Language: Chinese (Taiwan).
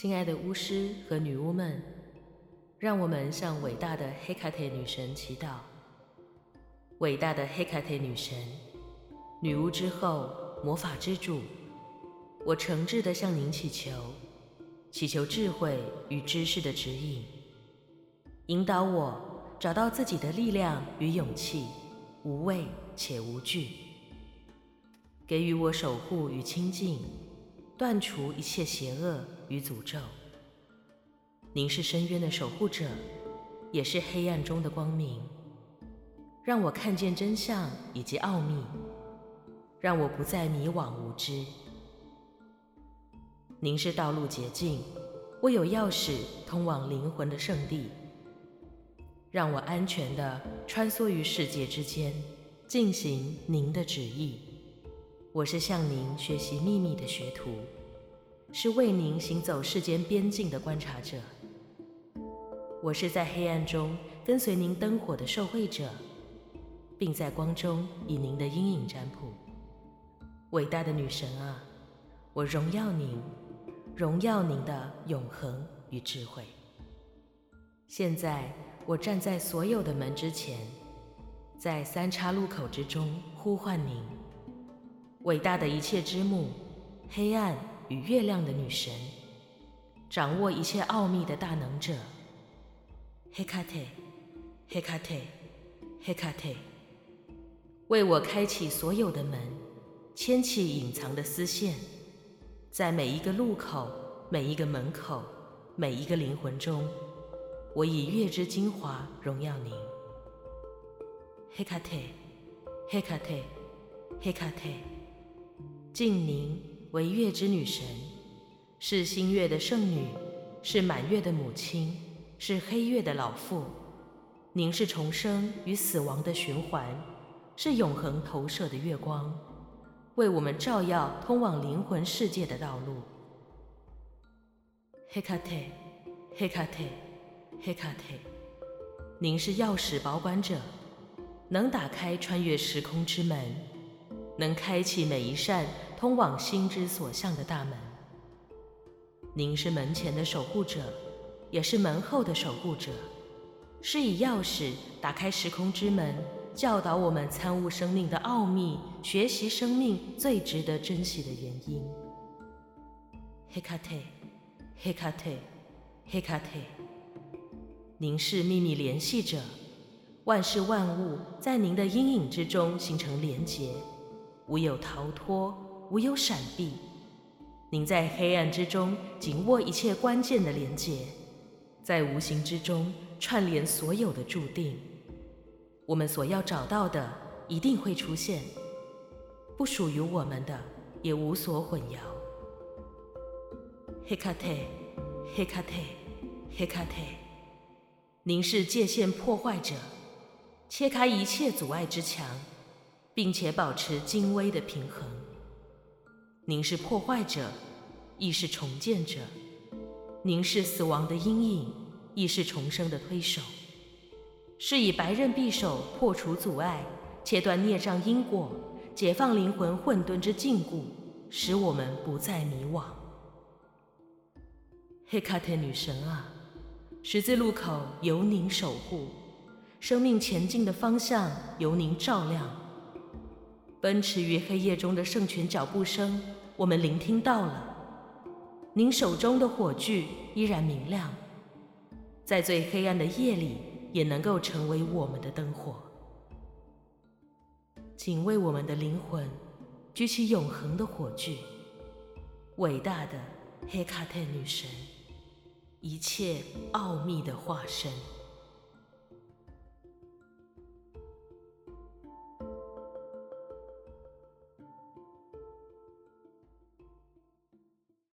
親愛的巫師和女巫們，讓我們向偉大的黑卡蒂女神祈禱。偉大的黑卡蒂女神，女巫之後，魔法之主，我誠摯地向您祈求，祈求智慧與知識的指引，引導我找到自己的力量與勇氣，無畏且無懼，給予我守護與親近，斷除一切邪惡與詛咒。您是深淵的守護者，也是黑暗中的光明，讓我看見真相以及奧秘，讓我不再迷惘無知。您是道路捷徑，我有鑰匙通往靈魂的聖地，讓我安全地穿梭於世界之間，進行您的旨意。我是向您學習秘密的學徒。是為您行走世間邊境的觀察者，我是在黑暗中跟隨您燈火的受惠者，並在光中以您的陰影占卜。偉大的女神啊，我榮耀您，榮耀您的永恆與智慧。現在我站在所有的門之前，在三叉路口之中呼喚您。偉大的一切之母，黑暗。與月亮的女神，掌握一切奧秘的大能者。黑卡蒂，黑卡蒂，黑卡蒂，為我開啟所有的門，牽起隱藏的絲線，在每一個路口、每一個門口、每一個靈魂中，我以月之精華榮耀您。黑卡蒂，黑卡蒂，黑卡蒂，敬您。為月之女神，是新月的聖女，是滿月的母親，是黑月的老婦。您是重生與死亡的循環，是永恆投射的月光，為我們照耀通往靈魂世界的道路。黑卡蒂，黑卡蒂，黑卡蒂，您是鑰匙保管者，能打開穿越時空之門，能開啟每一扇。通往心之所向的大門。您是門前的守護者，也是門後的守護者，是以鑰匙打開時空之門，教導我們參悟生命的奧秘，學習生命最值得珍惜的原因。黑卡蒂，黑卡蒂，黑卡蒂。您是秘密聯繫者，萬事萬物在您的陰影之中形成連結，無有逃脫。無有閃避，您在黑暗之中緊握一切關鍵的連結，在無形之中串聯所有的注定。我們所要找到的一定會出現，不屬於我們的也無所混淆。黑卡蒂，黑卡蒂，黑卡蒂，您是界限破壞者，切開一切阻礙之牆，並且保持精微的平衡。您是破壞者，亦是重建者；您是死亡的陰影，亦是重生的推手。是以白刃匕首破除阻礙，切斷孽障因果，解放靈魂混沌之禁錮，使我們不再迷惘。黑卡蒂女神啊，十字路口由您守護，生命前進的方向由您照亮。奔馳於黑夜中的聖泉腳步聲，我們聆聽到了。您手中的火炬依然明亮，在最黑暗的夜裡也能夠成為我們的燈火。請為我們的靈魂舉起永恆的火炬，偉大的黑卡蒂女神，一切奧秘的化身。